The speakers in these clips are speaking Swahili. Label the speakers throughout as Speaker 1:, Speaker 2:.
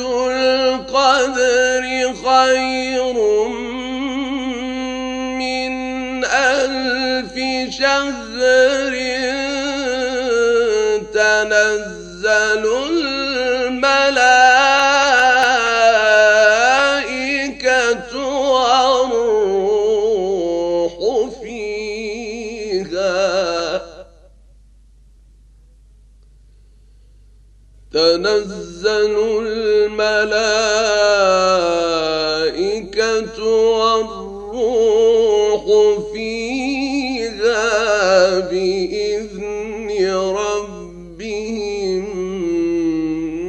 Speaker 1: رسول الملائكه والروح فيها بإذن ربهم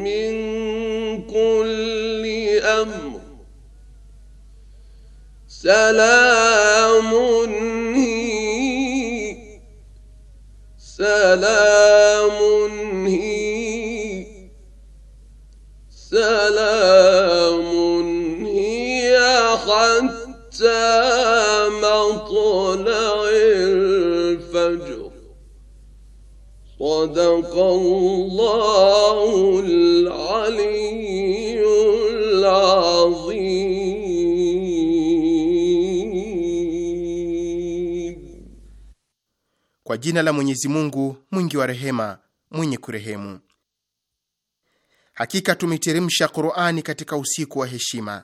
Speaker 1: من كل أمر سلام هي سلام هي مطلع الفجر صدق الله العلي
Speaker 2: Kwa jina la Mwenyezi Mungu mwingi wa rehema mwenye kurehemu. Hakika tumeteremsha Qur'ani katika usiku wa heshima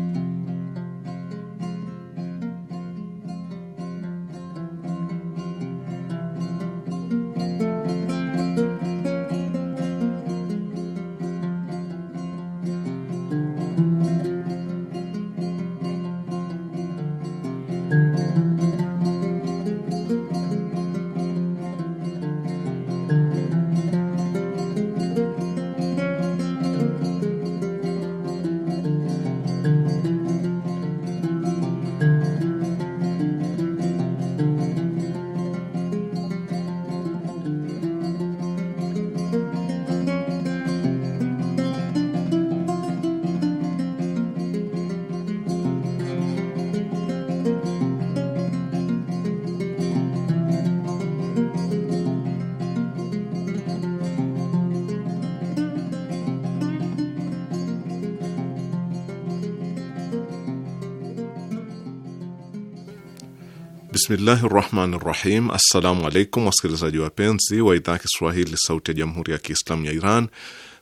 Speaker 3: Bismillahi rahmani rahim. Assalamu alaikum wasikilizaji wapenzi wa idhaa Kiswahili sauti ya jamhuri ya Kiislamu ya Iran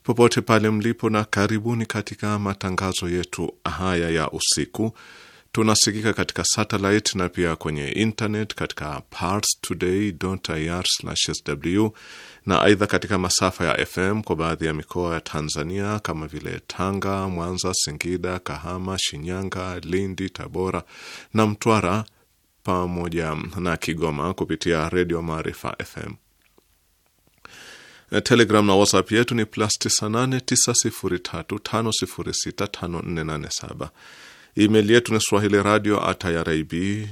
Speaker 3: popote pale mlipo, na karibuni katika matangazo yetu haya ya usiku. Tunasikika katika satellite na pia kwenye internet katika parstoday.ir/sw na aidha katika masafa ya FM kwa baadhi ya mikoa ya Tanzania kama vile Tanga, Mwanza, Singida, Kahama, Shinyanga, Lindi, Tabora na Mtwara pamoja na Kigoma kupitia Redio Maarifa FM. Eh, Telegram na WhatsApp yetu ni plus 989035065487. Email yetu ni swahili radio at irib ir.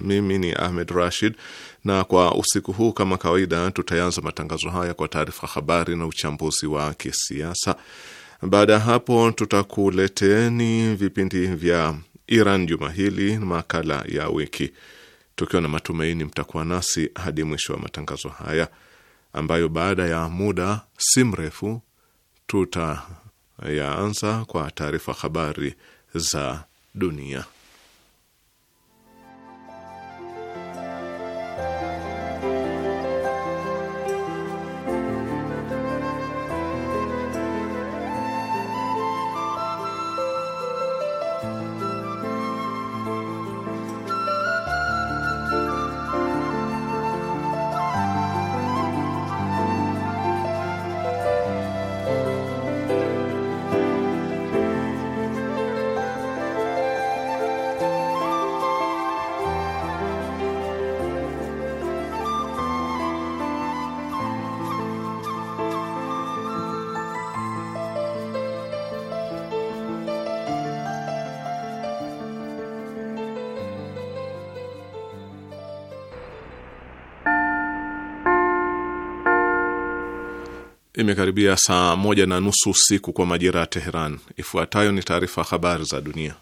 Speaker 3: Mimi ni Ahmed Rashid, na kwa usiku huu kama kawaida, tutayanza matangazo haya kwa taarifa habari na uchambuzi wa kisiasa. Baada ya hapo, tutakuleteni vipindi vya Iran juma hili, makala ya wiki, tukiwa na matumaini mtakuwa nasi hadi mwisho wa matangazo haya ambayo baada ya muda si mrefu tutayaanza kwa taarifa habari za dunia. Imekaribia saa moja na nusu usiku kwa majira ya Teheran. Ifuatayo ni taarifa habari za dunia.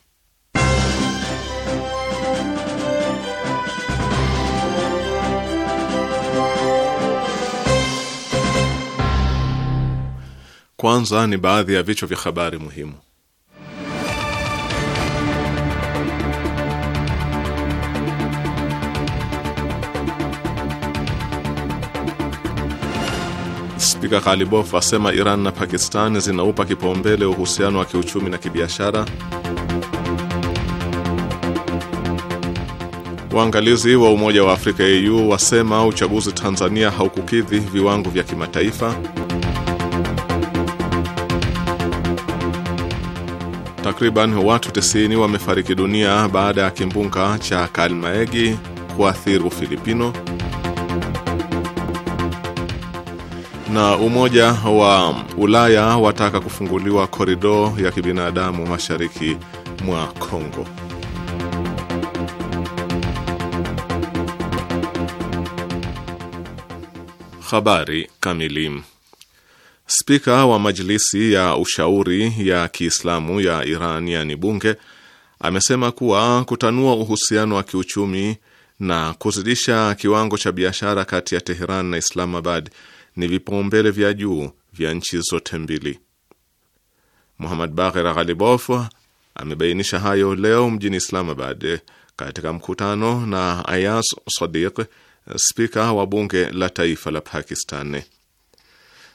Speaker 3: Kwanza ni baadhi ya vichwa vya habari muhimu. Spika ghalibof asema Iran na Pakistan zinaupa kipaumbele uhusiano wa kiuchumi na kibiashara. Waangalizi wa Umoja wa Afrika AU wasema uchaguzi Tanzania haukukidhi viwango vya kimataifa. Takriban watu 90 wamefariki dunia baada ya kimbunga cha Kalmaegi kuathiri Ufilipino. na Umoja wa Ulaya wataka kufunguliwa korido ya kibinadamu mashariki mwa Kongo. Habari kamili. Spika wa Majlisi ya Ushauri ya Kiislamu ya Iran, yani bunge, amesema kuwa kutanua uhusiano wa kiuchumi na kuzidisha kiwango cha biashara kati ya Teheran na Islamabad ni vipaumbele vya juu vya nchi zote mbili. Muhammad Bagher Ghalibof amebainisha hayo leo mjini Islamabad katika mkutano na Ayaz Sadiq, spika wa bunge la taifa la Pakistan.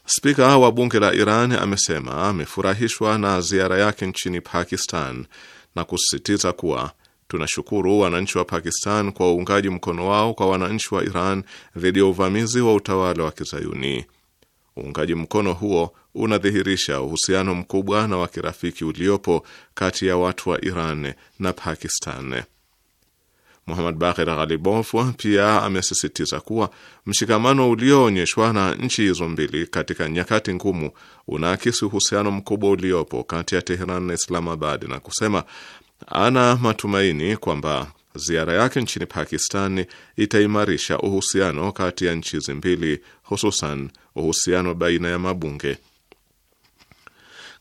Speaker 3: Spika wa bunge la Iran amesema amefurahishwa na ziara yake nchini Pakistan na kusisitiza kuwa Tunashukuru wananchi wa Pakistan kwa uungaji mkono wao kwa wananchi wa Iran dhidi ya uvamizi wa utawala wa Kizayuni. Uungaji mkono huo unadhihirisha uhusiano mkubwa na wa kirafiki uliopo kati ya watu wa Iran na Pakistan. Muhammad Baqir Ghalibof pia amesisitiza kuwa mshikamano ulioonyeshwa na nchi hizo mbili katika nyakati ngumu unaakisi uhusiano mkubwa uliopo kati ya Teheran na Islamabad na kusema ana matumaini kwamba ziara yake nchini Pakistani itaimarisha uhusiano kati ya nchi hizi mbili, hususan uhusiano baina ya mabunge.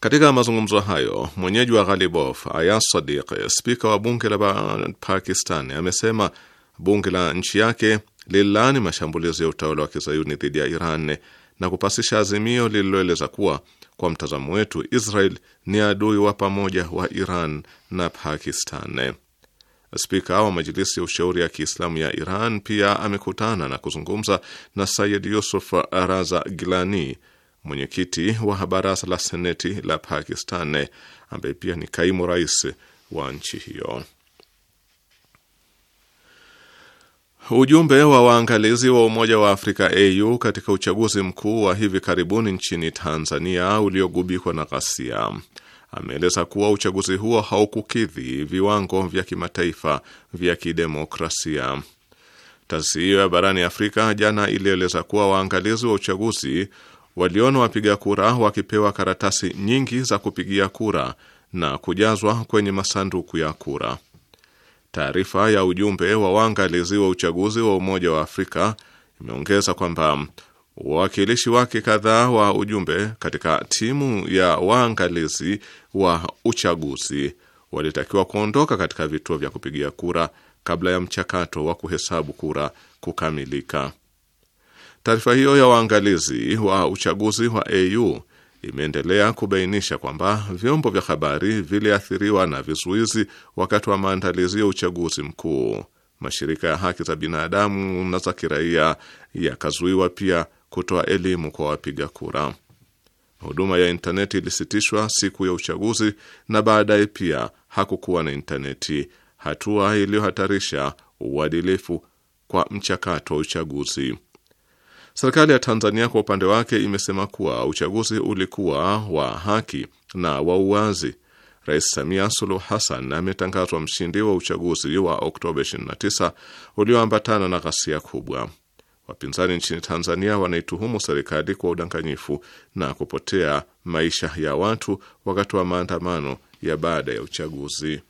Speaker 3: Katika mazungumzo hayo, mwenyeji wa Ghalibof Ayaz Sadiq, spika wa bunge la Pakistani, amesema bunge la nchi yake lililaani mashambulizi ya utawala wa kizayuni dhidi ya Iran na kupasisha azimio lililoeleza kuwa kwa mtazamo wetu Israel ni adui wa pamoja wa Iran na Pakistan. Spika wa Majilisi ya Ushauri ya Kiislamu ya Iran pia amekutana na kuzungumza na Sayid Yusuf Raza Gilani, mwenyekiti wa baraza la seneti la Pakistan, ambaye pia ni kaimu rais wa nchi hiyo. Ujumbe wa waangalizi wa Umoja wa Afrika AU katika uchaguzi mkuu wa hivi karibuni nchini Tanzania uliogubikwa na ghasia ameeleza kuwa uchaguzi huo haukukidhi viwango vya kimataifa vya kidemokrasia. Taasisi hiyo ya barani Afrika jana ilieleza kuwa waangalizi wa uchaguzi waliona wapiga kura wakipewa karatasi nyingi za kupigia kura na kujazwa kwenye masanduku ya kura. Taarifa ya ujumbe wa waangalizi wa uchaguzi wa Umoja wa Afrika imeongeza kwamba wawakilishi wake kadhaa wa ujumbe katika timu ya waangalizi wa uchaguzi walitakiwa kuondoka katika vituo vya kupigia kura kabla ya mchakato wa kuhesabu kura kukamilika. Taarifa hiyo ya waangalizi wa uchaguzi wa AU imeendelea kubainisha kwamba vyombo vya habari viliathiriwa na vizuizi wakati wa maandalizi ya uchaguzi mkuu. Mashirika ya haki za binadamu na za kiraia yakazuiwa pia kutoa elimu kwa wapiga kura. Huduma ya intaneti ilisitishwa siku ya uchaguzi na baadaye pia hakukuwa na intaneti, hatua iliyohatarisha uadilifu kwa mchakato wa uchaguzi. Serikali ya Tanzania kwa upande wake imesema kuwa uchaguzi ulikuwa wa haki na wa uwazi. Rais Samia Suluhu Hassan ametangazwa mshindi wa uchaguzi wa Oktoba 29 ulioambatana na ghasia kubwa. Wapinzani nchini Tanzania wanaituhumu serikali kwa udanganyifu na kupotea maisha ya watu wakati wa maandamano ya baada ya uchaguzi.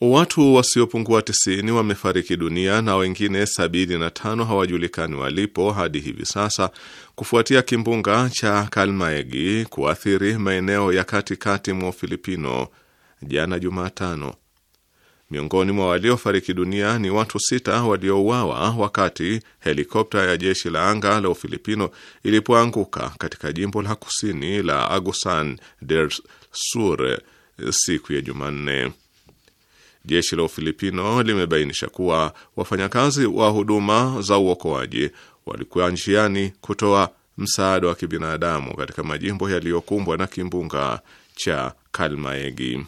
Speaker 3: Watu wasiopungua 90 wamefariki dunia na wengine 75 hawajulikani walipo hadi hivi sasa kufuatia kimbunga cha Kalmaegi kuathiri maeneo ya katikati mwa Ufilipino jana Jumatano. Miongoni mwa waliofariki dunia ni watu sita waliouawa wakati helikopta ya jeshi la anga la Ufilipino ilipoanguka katika jimbo la kusini la Agusan del Sur siku ya Jumanne. Jeshi la Ufilipino limebainisha kuwa wafanyakazi wa huduma za uokoaji walikuwa njiani kutoa msaada wa kibinadamu katika majimbo yaliyokumbwa na kimbunga cha Kalmaegi.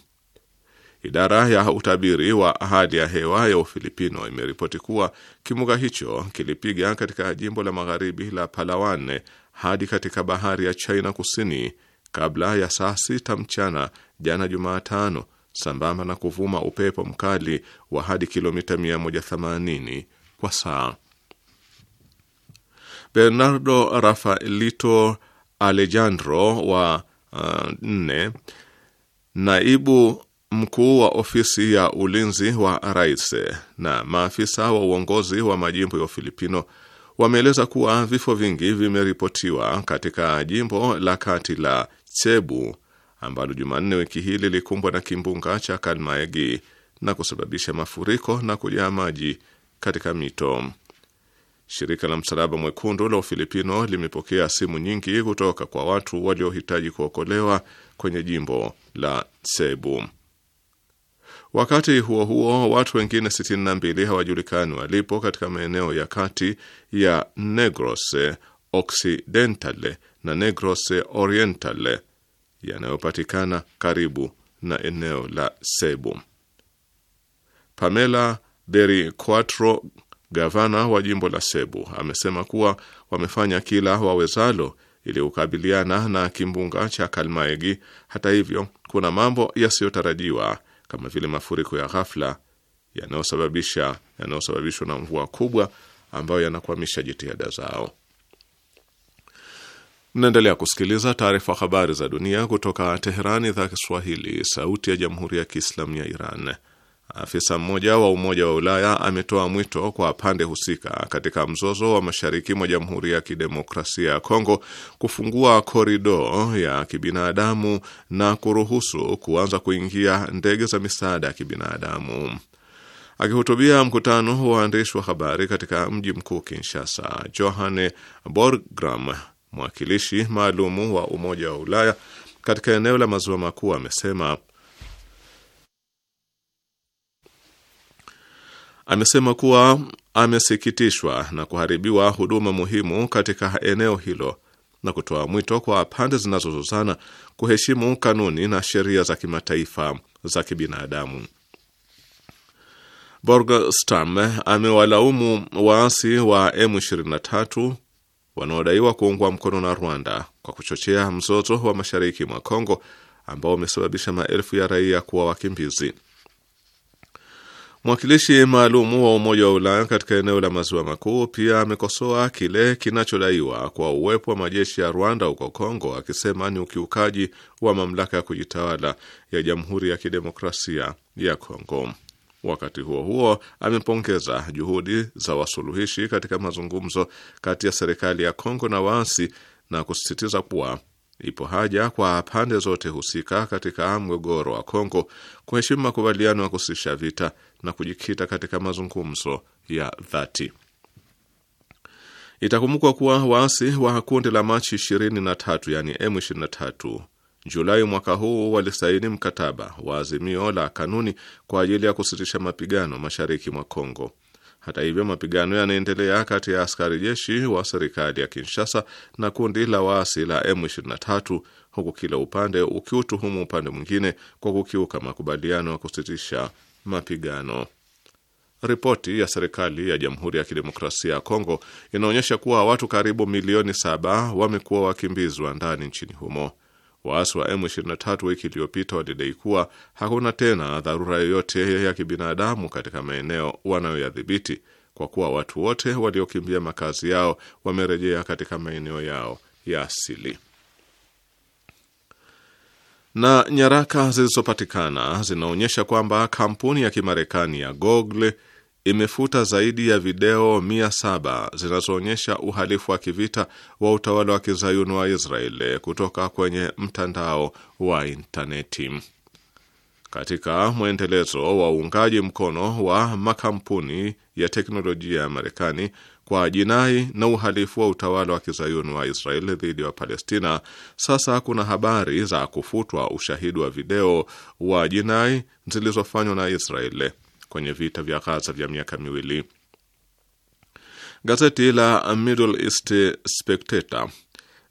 Speaker 3: Idara ya utabiri wa hali ya hewa ya Ufilipino imeripoti kuwa kimbunga hicho kilipiga katika jimbo la magharibi la Palawan hadi katika bahari ya China Kusini kabla ya saa sita mchana jana Jumatano sambamba na kuvuma upepo mkali wa hadi kilomita 180 kwa saa. Bernardo Rafaelito Alejandro wa uh, nne, naibu mkuu wa ofisi ya ulinzi wa rais na maafisa wa uongozi wa majimbo ya ufilipino wameeleza kuwa vifo vingi vimeripotiwa katika jimbo la kati la Cebu ambalo Jumanne wiki hii lilikumbwa na kimbunga cha Kalmaegi na kusababisha mafuriko na kujaa maji katika mito. Shirika la Msalaba Mwekundu la Ufilipino limepokea simu nyingi kutoka kwa watu waliohitaji kuokolewa kwenye jimbo la Cebu. Wakati huo huo, watu wengine 62 hawajulikani walipo katika maeneo ya kati ya Negros Occidentale na Negros Orientale yanayopatikana karibu na eneo la Sebu. Pamela Deri Quatro, gavana wa jimbo la Sebu, amesema kuwa wamefanya kila wawezalo ili kukabiliana na kimbunga cha Kalmaegi. Hata hivyo, kuna mambo yasiyotarajiwa kama vile mafuriko ya ghafla yanayosababisha yanayosababishwa na mvua kubwa ambayo yanakwamisha jitihada zao. Mnaendelea kusikiliza taarifa habari za dunia kutoka Teherani, idhaa Kiswahili, sauti ya jamhuri ya kiislamu ya Iran. Afisa mmoja wa Umoja wa Ulaya ametoa mwito kwa pande husika katika mzozo wa mashariki mwa Jamhuri ya Kidemokrasia ya Kongo kufungua korido ya kibinadamu na kuruhusu kuanza kuingia ndege za misaada ya kibinadamu. Akihutubia mkutano wa waandishi wa habari katika mji mkuu Kinshasa, Johanne Borgram mwakilishi maalumu wa Umoja wa Ulaya katika eneo la maziwa makuu amesema amesema kuwa amesikitishwa na kuharibiwa huduma muhimu katika eneo hilo na kutoa mwito kwa pande zinazozozana kuheshimu kanuni na sheria za kimataifa za kibinadamu. Borgstam amewalaumu waasi wa M23 wanaodaiwa kuungwa mkono na Rwanda kwa kuchochea mzozo wa mashariki mwa Kongo ambao umesababisha maelfu ya raia kuwa wakimbizi. Mwakilishi maalumu wa Umoja wa Ulaya katika eneo la Maziwa Makuu pia amekosoa kile kinachodaiwa kwa uwepo wa majeshi ya Rwanda huko Kongo, akisema ni ukiukaji wa mamlaka ya kujitawala ya Jamhuri ya Kidemokrasia ya Kongo. Wakati huo huo, amepongeza juhudi za wasuluhishi katika mazungumzo kati ya serikali ya Kongo na waasi na kusisitiza kuwa ipo haja kwa pande zote husika katika mgogoro wa Kongo kuheshimu makubaliano ya kusitisha vita na kujikita katika mazungumzo ya dhati. Itakumbukwa kuwa waasi wa kundi la Machi 23 yani M23 Julai mwaka huu walisaini mkataba wa azimio la kanuni kwa ajili ya kusitisha mapigano mashariki mwa Kongo. Hata hivyo, mapigano yanaendelea kati ya askari jeshi wa serikali ya Kinshasa na kundi la waasi la M23 huku kila upande ukiutuhumu upande mwingine kwa kukiuka makubaliano ya kusitisha mapigano. Ripoti ya serikali ya Jamhuri ya Kidemokrasia ya Kongo inaonyesha kuwa watu karibu milioni saba wamekuwa wakimbizwa ndani nchini humo. Waasi wa M23 wiki iliyopita walidai kuwa hakuna tena dharura yoyote ya kibinadamu katika maeneo wanayoyadhibiti kwa kuwa watu wote waliokimbia makazi yao wamerejea katika maeneo yao ya asili. Na nyaraka zilizopatikana zinaonyesha kwamba kampuni ya Kimarekani ya Google imefuta zaidi ya video mia saba zinazoonyesha uhalifu wa kivita wa utawala wa kizayuni wa Israeli kutoka kwenye mtandao wa intaneti. Katika mwendelezo wa uungaji mkono wa makampuni ya teknolojia ya Marekani kwa jinai na uhalifu wa utawala wa kizayuni wa Israeli dhidi ya Palestina, sasa kuna habari za kufutwa ushahidi wa video wa jinai zilizofanywa na Israeli kwenye vita vya Ghaza vya miaka miwili. Gazeti la Middle East Spectator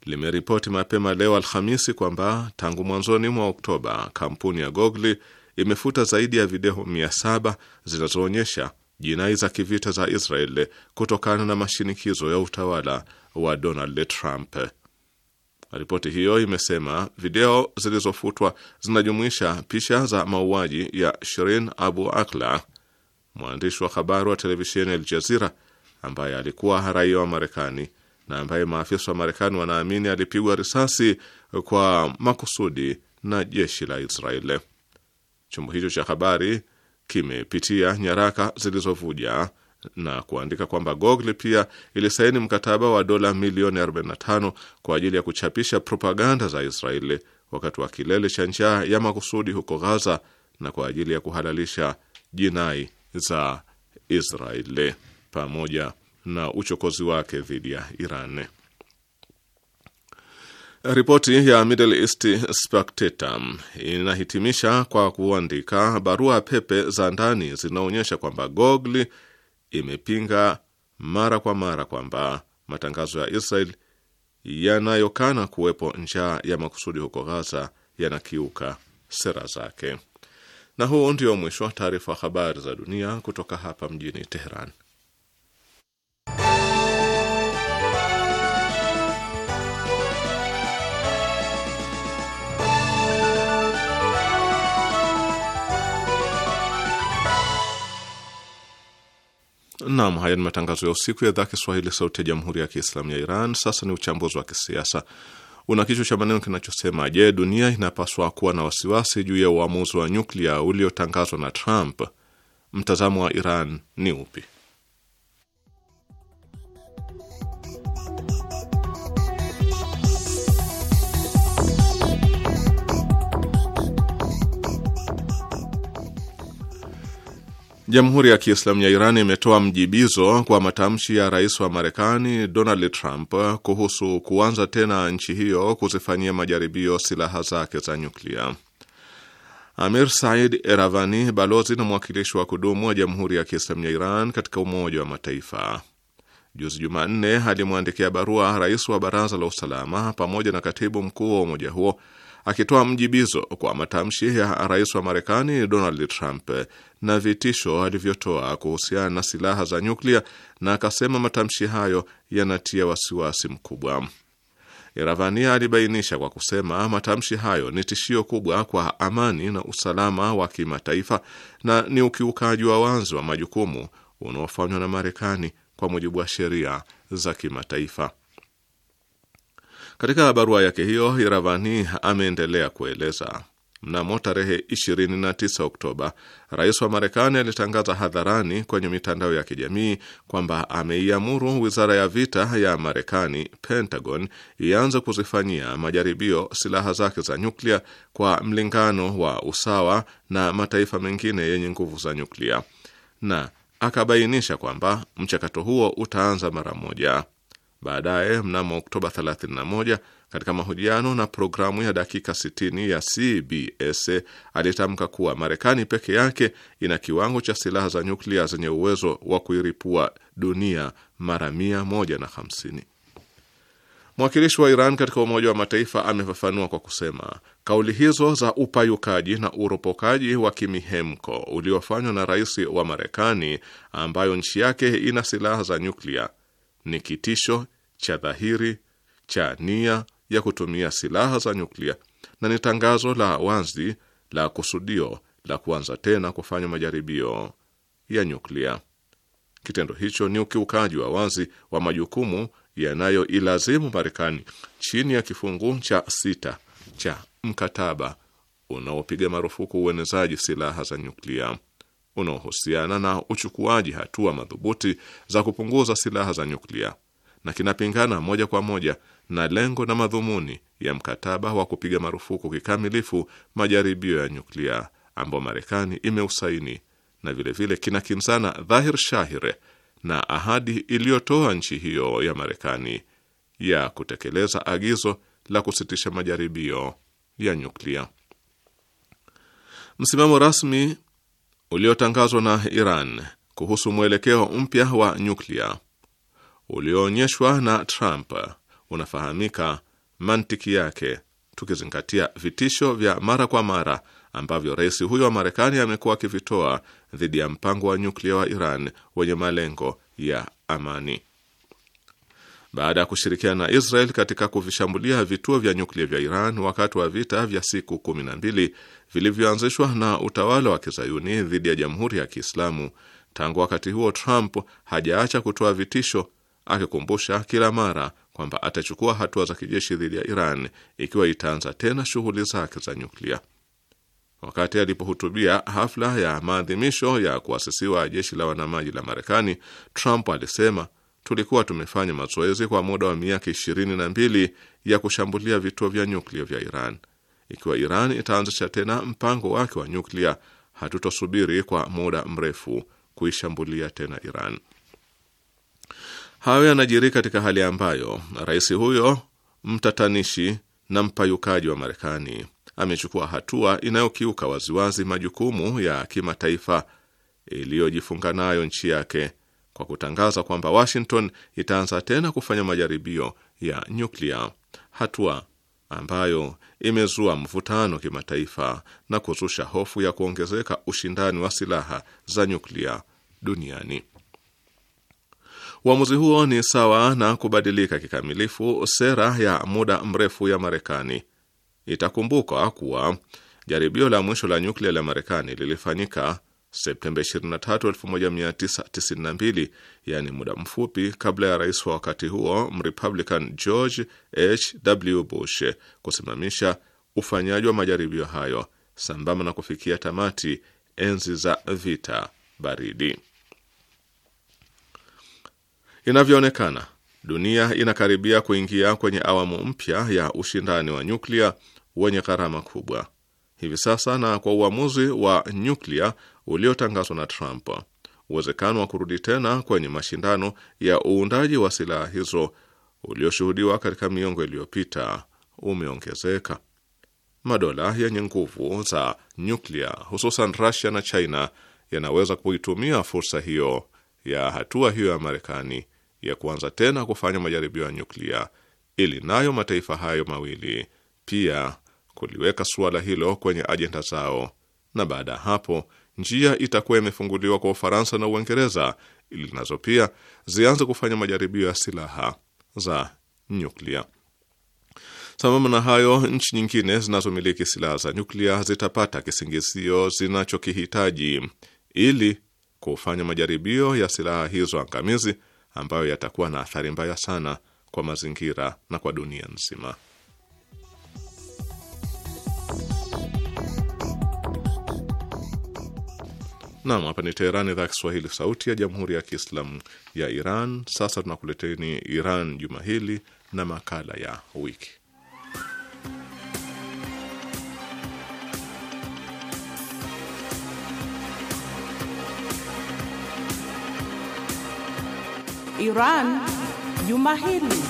Speaker 3: limeripoti mapema leo Alhamisi kwamba tangu mwanzoni mwa Oktoba kampuni ya Google imefuta zaidi ya video 700 zinazoonyesha jinai za kivita za Israel kutokana na mashinikizo ya utawala wa Donald Trump. Ripoti hiyo imesema video zilizofutwa zinajumuisha picha za mauaji ya Shirin Abu Akla mwandishi wa habari wa televisheni Al Jazira ambaye alikuwa raia wa Marekani na ambaye maafisa wa Marekani wanaamini alipigwa risasi kwa makusudi na jeshi la Israeli. Chombo hicho cha habari kimepitia nyaraka zilizovuja na kuandika kwamba Google pia ilisaini mkataba wa dola milioni 45 kwa ajili ya kuchapisha propaganda za Israeli wakati wa kilele cha njaa ya makusudi huko Gaza na kwa ajili ya kuhalalisha jinai za Israeli pamoja na uchokozi wake dhidi ya Iran. Ripoti ya Middle East Spectator inahitimisha kwa kuandika, barua pepe za ndani zinaonyesha kwamba Google imepinga mara kwa mara kwamba matangazo ya Israel yanayokana kuwepo njaa ya makusudi huko Gaza yanakiuka sera zake. Na huu ndio mwisho wa taarifa wa habari za dunia kutoka hapa mjini Teheran. Nam, haya ni matangazo ya usiku ya idhaa Kiswahili sauti ya jamhuri ya kiislamu ya Iran. Sasa ni uchambuzi wa kisiasa una kichwa cha maneno kinachosema je, dunia inapaswa kuwa na wasiwasi juu ya uamuzi wa nyuklia uliotangazwa na Trump? Mtazamo wa Iran ni upi? Jamhuri ya Kiislamu ya Iran imetoa mjibizo kwa matamshi ya rais wa Marekani Donald Trump kuhusu kuanza tena nchi hiyo kuzifanyia majaribio silaha zake za nyuklia. Amir Said Eravani, balozi na mwakilishi wa kudumu wa Jamhuri ya Kiislamu ya Iran katika Umoja wa Mataifa, juzi Jumanne alimwandikia barua rais wa Baraza la Usalama pamoja na katibu mkuu wa umoja huo akitoa mjibizo kwa matamshi ya rais wa Marekani Donald Trump na vitisho alivyotoa kuhusiana na silaha za nyuklia, na akasema matamshi hayo yanatia wasiwasi mkubwa. iravani alibainisha kwa kusema matamshi hayo ni tishio kubwa kwa amani na usalama wa kimataifa na ni ukiukaji wa wazi wa majukumu unaofanywa na Marekani kwa mujibu wa sheria za kimataifa. Katika barua yake hiyo, Iravani ameendelea kueleza Mnamo tarehe 29 Oktoba, rais wa Marekani alitangaza hadharani kwenye mitandao ya kijamii kwamba ameiamuru wizara ya vita ya Marekani, Pentagon, ianze kuzifanyia majaribio silaha zake za nyuklia kwa mlingano wa usawa na mataifa mengine yenye nguvu za nyuklia, na akabainisha kwamba mchakato huo utaanza mara moja. Baadaye mnamo Oktoba 31 katika mahojiano na programu ya dakika 60 ya CBS alitamka kuwa Marekani peke yake ina kiwango cha silaha za nyuklia zenye uwezo wa kuiripua dunia mara 150. Mwakilishi wa Iran katika Umoja wa Mataifa amefafanua kwa kusema kauli hizo za upayukaji na uropokaji wa kimihemko uliofanywa na rais wa Marekani, ambayo nchi yake ina silaha za nyuklia, ni kitisho cha dhahiri cha nia ya kutumia silaha za nyuklia na ni tangazo la wazi la kusudio la kuanza tena kufanya majaribio ya nyuklia. Kitendo hicho ni ukiukaji wa wazi wa majukumu yanayoilazimu Marekani chini ya kifungu cha sita cha mkataba unaopiga marufuku uenezaji silaha za nyuklia unaohusiana na uchukuaji hatua madhubuti za kupunguza silaha za nyuklia na kinapingana moja kwa moja na lengo na madhumuni ya mkataba wa kupiga marufuku kikamilifu majaribio ya nyuklia ambao Marekani imeusaini na vilevile vile kinakinzana dhahir shahir na ahadi iliyotoa nchi hiyo ya Marekani ya kutekeleza agizo la kusitisha majaribio ya nyuklia. Msimamo rasmi uliotangazwa na Iran kuhusu mwelekeo mpya wa nyuklia ulioonyeshwa na Trump unafahamika mantiki yake, tukizingatia vitisho vya mara kwa mara ambavyo rais huyo wa Marekani amekuwa akivitoa dhidi ya mpango wa nyuklia wa Iran wenye malengo ya amani. Baada ya kushirikiana na Israel katika kuvishambulia vituo vya nyuklia vya Iran wakati wa vita vya siku kumi na mbili vilivyoanzishwa na utawala wa kizayuni dhidi ya jamhuri ya Kiislamu, tangu wakati huo Trump hajaacha kutoa vitisho akikumbusha kila mara kwamba atachukua hatua za kijeshi dhidi ya Iran ikiwa itaanza tena shughuli zake za nyuklia. Wakati alipohutubia hafla ya maadhimisho ya kuasisiwa jeshi la wanamaji la Marekani, Trump alisema tulikuwa tumefanya mazoezi kwa muda wa miaka ishirini na mbili ya kushambulia vituo vya nyuklia vya Iran. Ikiwa Iran itaanzisha tena mpango wake wa nyuklia, hatutosubiri kwa muda mrefu kuishambulia tena Iran. Hayo yanajiri katika hali ambayo rais huyo mtatanishi na mpayukaji wa Marekani amechukua hatua inayokiuka waziwazi majukumu ya kimataifa iliyojifunga nayo nchi yake kwa kutangaza kwamba Washington itaanza tena kufanya majaribio ya nyuklia, hatua ambayo imezua mvutano kimataifa na kuzusha hofu ya kuongezeka ushindani wa silaha za nyuklia duniani. Uamuzi huo ni sawa na kubadilika kikamilifu sera ya muda mrefu ya Marekani. Itakumbukwa kuwa jaribio la mwisho la nyuklia la Marekani lilifanyika Septemba 23, 1992, yaani muda mfupi kabla ya rais wa wakati huo Mrepublican George H.W. Bush kusimamisha ufanyaji wa majaribio hayo sambamba na kufikia tamati enzi za vita baridi. Inavyoonekana, dunia inakaribia kuingia kwenye awamu mpya ya ushindani wa nyuklia wenye gharama kubwa hivi sasa, na kwa uamuzi wa nyuklia uliotangazwa na Trump, uwezekano wa kurudi tena kwenye mashindano ya uundaji wa silaha hizo ulioshuhudiwa katika miongo iliyopita umeongezeka. Madola yenye nguvu za nyuklia hususan Russia na China yanaweza kuitumia fursa hiyo ya hatua hiyo ya Marekani ya kuanza tena kufanya majaribio ya nyuklia ili nayo mataifa hayo mawili pia kuliweka suala hilo kwenye ajenda zao, na baada ya hapo njia itakuwa imefunguliwa kwa Ufaransa na Uingereza ili nazo pia zianze kufanya majaribio ya silaha za nyuklia. Sambamba na hayo, nchi nyingine zinazomiliki silaha za nyuklia zitapata kisingizio zinachokihitaji ili kufanya majaribio ya silaha hizo angamizi ambayo yatakuwa na athari mbaya sana kwa mazingira na kwa dunia nzima. Nam, hapa ni Teherani, idhaa ya Kiswahili, sauti ya jamhuri ya kiislamu ya Iran. Sasa tunakuleteni Iran juma hili na makala ya wiki.
Speaker 4: Iran juma hili.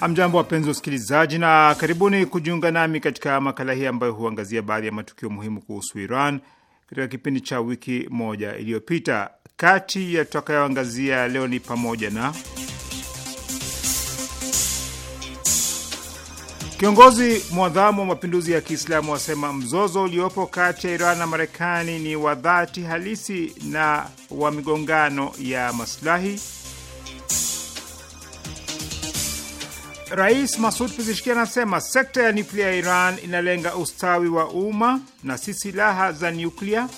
Speaker 2: Hamjambo, wapenzi wasikilizaji, na karibuni kujiunga nami katika makala hii ambayo huangazia baadhi ya matukio muhimu kuhusu Iran katika kipindi cha wiki moja iliyopita. Kati ya tutakayoangazia leo ni pamoja na Kiongozi mwadhamu wa mapinduzi ya Kiislamu wasema mzozo uliopo kati ya Iran na Marekani ni wa dhati halisi na wa migongano ya maslahi. Rais Masud Pezeshkian anasema sekta ya nyuklia ya Iran inalenga ustawi wa umma na si silaha za nyuklia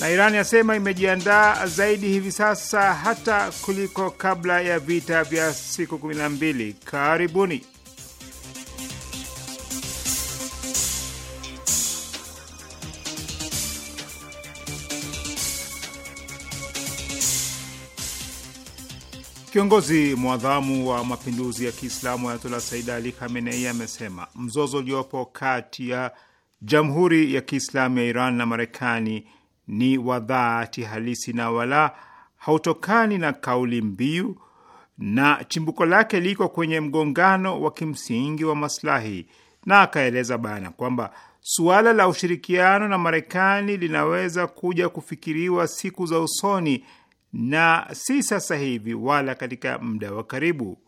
Speaker 2: na Iran yasema imejiandaa zaidi hivi sasa hata kuliko kabla ya vita vya siku 12. Karibuni. Kiongozi mwadhamu wa mapinduzi ya Kiislamu Ayatola Said Ali Khamenei amesema mzozo uliopo kati ya Jamhuri ya Kiislamu ya Iran na Marekani ni wa dhati halisi na wala hautokani na kauli mbiu, na chimbuko lake liko kwenye mgongano wa kimsingi wa maslahi, na akaeleza bana kwamba suala la ushirikiano na Marekani linaweza kuja kufikiriwa siku za usoni na si sasa hivi wala katika muda wa karibu.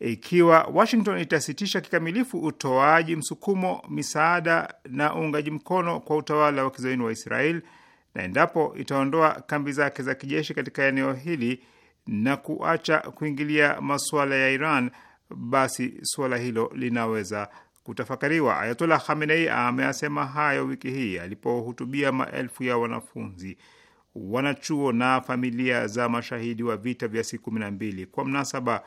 Speaker 2: Ikiwa Washington itasitisha kikamilifu utoaji msukumo, misaada na uungaji mkono kwa utawala wa kizayuni wa Israeli na endapo itaondoa kambi zake za kijeshi katika eneo hili na kuacha kuingilia masuala ya Iran, basi suala hilo linaweza kutafakariwa. Ayatollah Khamenei ameyasema hayo wiki hii alipohutubia maelfu ya wanafunzi, wanachuo na familia za mashahidi wa vita vya siku kumi na mbili kwa mnasaba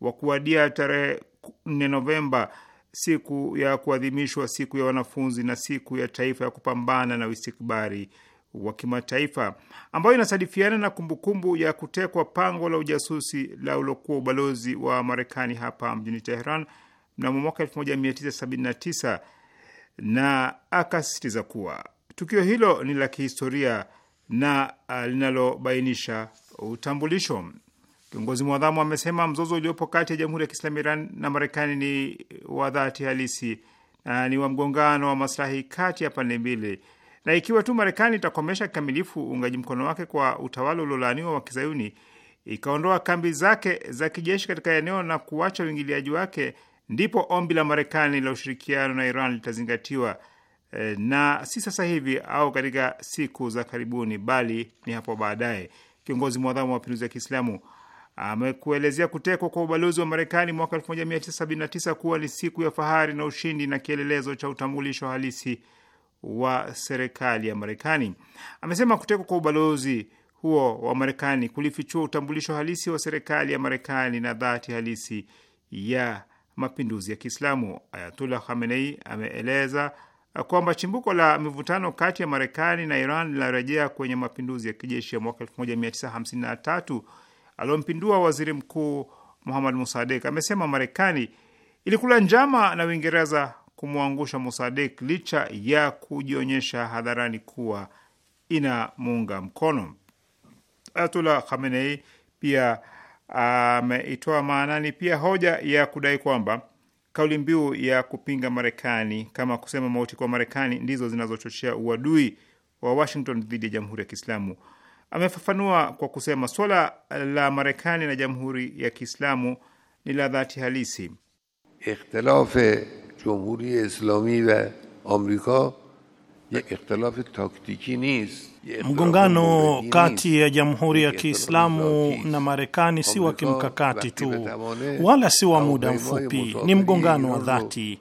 Speaker 2: wa kuadia tarehe nne Novemba, siku ya kuadhimishwa siku ya wanafunzi na siku ya taifa ya kupambana na uistikbari wa kimataifa ambayo inasadifiana na kumbukumbu ya kutekwa pango la ujasusi la uliokuwa ubalozi wa Marekani hapa mjini Teheran mnamo mwaka 1979 na akasisitiza kuwa tukio hilo ni la kihistoria na uh, linalobainisha utambulisho. Kiongozi mwadhamu amesema mzozo uliopo kati ya Jamhuri ya Kiislamu Iran na Marekani ni wa dhati halisi na ni wa mgongano wa maslahi kati ya pande mbili na ikiwa tu Marekani itakomesha kikamilifu uungaji mkono wake kwa utawala uliolaaniwa wa Kizayuni, ikaondoa kambi zake za kijeshi katika eneo na kuacha uingiliaji wake, ndipo ombi la Marekani la ushirikiano na Iran litazingatiwa e, na si sasa hivi au katika siku za karibuni, bali ni hapo baadaye. Kiongozi mwadhamu wa mapinduzi ya Kiislamu amekuelezea kutekwa kwa ubalozi wa Marekani mwaka 1979 kuwa ni siku ya fahari na ushindi na kielelezo cha utambulisho halisi wa serikali ya Marekani. Amesema kutekwa kwa ubalozi huo wa Marekani kulifichua utambulisho halisi wa serikali ya Marekani na dhati halisi ya mapinduzi ya Kiislamu. Ayatullah Khamenei ameeleza kwamba chimbuko la mivutano kati ya Marekani na Iran linarejea kwenye mapinduzi ya kijeshi ya mwaka 1953 aliompindua waziri mkuu Muhammad Musadek. Amesema Marekani ilikula njama na Uingereza kumwangusha Mosadek licha ya kujionyesha hadharani kuwa inamuunga mkono. Ayatullah Khamenei pia ameitoa uh, maanani pia hoja ya kudai kwamba kauli mbiu ya kupinga Marekani kama kusema mauti kwa Marekani ndizo zinazochochea uadui wa Washington dhidi ya Jamhuri ya Kiislamu. Amefafanua kwa kusema suala la Marekani na Jamhuri ya Kiislamu
Speaker 1: ni la dhati halisi. ikhtilafe جمهوری اسلامی و آمریکا یک اختلاف نیست Mgongano
Speaker 5: kati ya Jamhuri ya Kiislamu na Marekani si wa kimkakati tu wala si wa muda mfupi, ni mgongano wa dhati.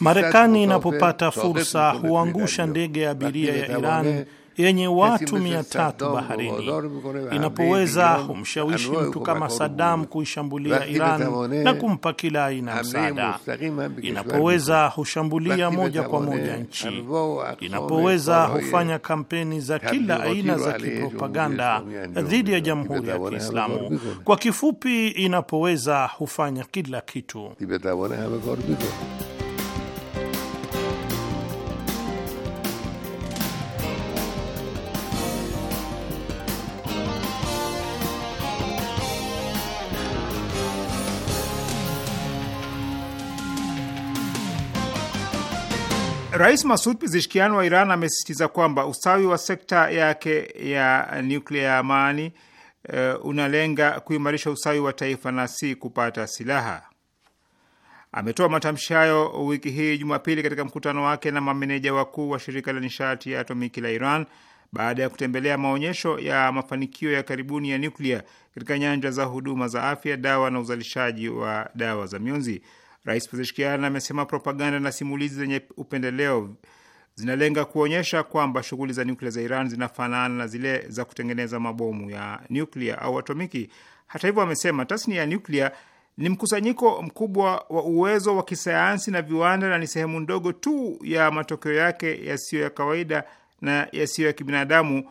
Speaker 5: Marekani inapopata fursa huangusha ndege ya abiria ya Iran yenye watu mia tatu baharini inapoweza humshawishi mtu kama sadamu kuishambulia Iran na kumpa kila aina msaada. Inapoweza hushambulia moja kwa moja nchi. Inapoweza hufanya kampeni za kila aina za kipropaganda dhidi ya Jamhuri ya Kiislamu. Kwa kifupi, inapoweza hufanya kila kitu.
Speaker 2: Rais Masud Pizishkian wa Iran amesisitiza kwamba ustawi wa sekta yake ya nyuklia ya amani uh, unalenga kuimarisha ustawi wa taifa na si kupata silaha. Ametoa matamshi hayo wiki hii Jumapili katika mkutano wake na mameneja wakuu wa shirika la nishati ya atomiki la Iran baada ya kutembelea maonyesho ya mafanikio ya karibuni ya nyuklia katika nyanja za huduma za afya, dawa na uzalishaji wa dawa za mionzi. Rais Pezeshkian amesema propaganda na simulizi zenye upendeleo zinalenga kuonyesha kwamba shughuli za nyuklia za Iran zinafanana na zile za kutengeneza mabomu ya nyuklia au atomiki. Hata hivyo, amesema tasnia ya nyuklia ni mkusanyiko mkubwa wa uwezo wa kisayansi na viwanda na ni sehemu ndogo tu ya matokeo yake yasiyo ya kawaida na yasiyo ya kibinadamu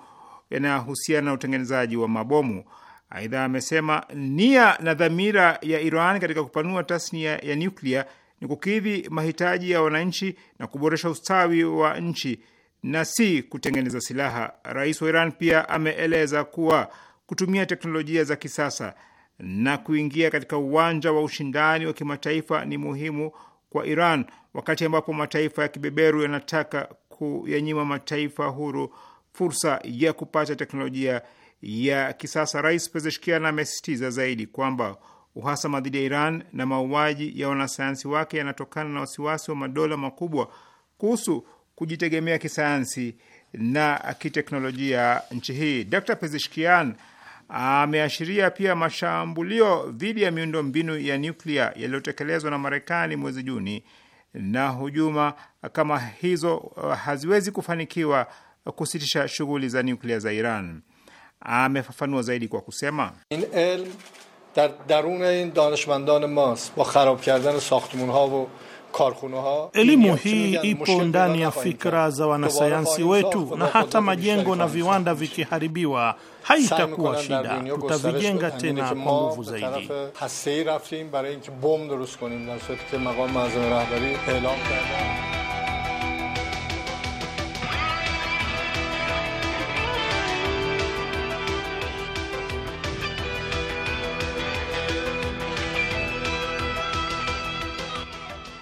Speaker 2: yanayohusiana na utengenezaji wa mabomu. Aidha amesema nia na dhamira ya Iran katika kupanua tasnia ya nyuklia ni kukidhi mahitaji ya wananchi na kuboresha ustawi wa nchi na si kutengeneza silaha. Rais wa Iran pia ameeleza kuwa kutumia teknolojia za kisasa na kuingia katika uwanja wa ushindani wa kimataifa ni muhimu kwa Iran wakati ambapo mataifa ya kibeberu yanataka kuyanyima mataifa huru fursa ya kupata teknolojia ya kisasa, Rais Pezeshkian amesisitiza zaidi kwamba uhasama dhidi ya Iran na mauaji ya wanasayansi wake yanatokana na wasiwasi wa madola makubwa kuhusu kujitegemea kisayansi na kiteknolojia nchi hii. Dr Pezeshkian ameashiria pia mashambulio dhidi ya miundo mbinu ya nyuklia yaliyotekelezwa na Marekani mwezi Juni, na hujuma kama hizo uh, haziwezi kufanikiwa kusitisha shughuli za nyuklia za Iran amefafanua zaidi kwa kusema in ilm dar darun in danishmandan mast ba kharab kardan sakhtumunha va Elimu hii
Speaker 5: ipo ndani ya fikra za wanasayansi wetu, na hata majengo na viwanda vikiharibiwa haitakuwa shida, tutavijenga tena kwa nguvu zaidi.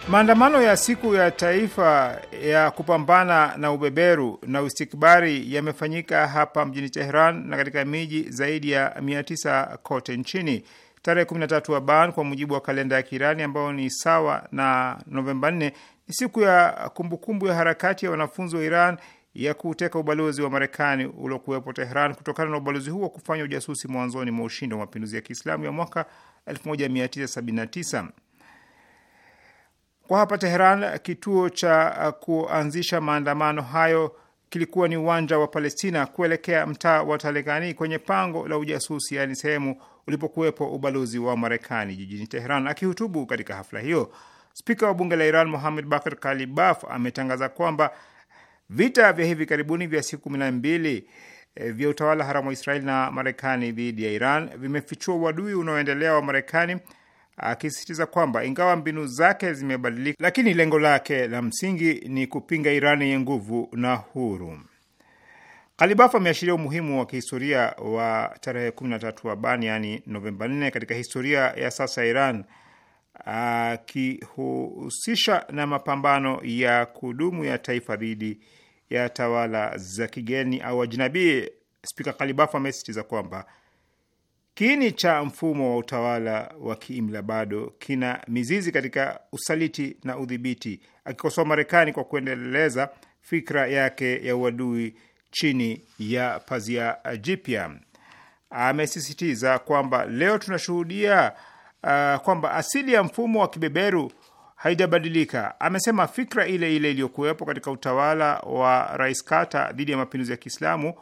Speaker 2: Maandamano ya siku ya taifa ya kupambana na ubeberu na ustikbari yamefanyika hapa mjini Teheran na katika miji zaidi ya 9 kote nchini. Tarehe 13 wa ban kwa mujibu wa kalenda ya Kiirani ambayo ni sawa na Novemba 4 ni siku ya kumbukumbu ya harakati ya wanafunzi wa Iran ya kuteka ubalozi wa Marekani uliokuwepo Teheran kutokana na ubalozi huo kufanya ujasusi mwanzoni mwa ushindi wa mapinduzi ya Kiislamu ya mwaka 1979. Kwa hapa Teheran, kituo cha uh, kuanzisha maandamano hayo kilikuwa ni uwanja wa Palestina kuelekea mtaa wa Talegani kwenye pango la ujasusi, yaani sehemu ulipokuwepo ubalozi wa Marekani jijini Teheran. Akihutubu katika hafla hiyo, spika wa bunge la Iran Mohamed Bakr Kalibaf ametangaza kwamba vita vya hivi karibuni vya siku kumi na mbili eh, vya utawala haramu wa Israeli na Marekani dhidi ya Iran vimefichua uadui unaoendelea wa Marekani akisisitiza kwamba ingawa mbinu zake zimebadilika, lakini lengo lake la msingi ni kupinga Iran yenye nguvu na huru. Kalibaf ameashiria umuhimu wa kihistoria wa tarehe 13 Aban, yani Novemba 4 katika historia ya sasa ya Iran, akihusisha na mapambano ya kudumu ya taifa dhidi ya tawala za kigeni au wajinabii Spika Kalibaf amesisitiza kwamba Kiini cha mfumo wa utawala wa kiimla bado kina mizizi katika usaliti na udhibiti, akikosoa Marekani kwa kuendeleza fikra yake ya uadui chini ya pazia jipya. Amesisitiza kwamba leo tunashuhudia uh, kwamba asili ya mfumo wa kibeberu haijabadilika. Amesema fikra ile ile iliyokuwepo katika utawala wa Rais Carter dhidi ya mapinduzi ya Kiislamu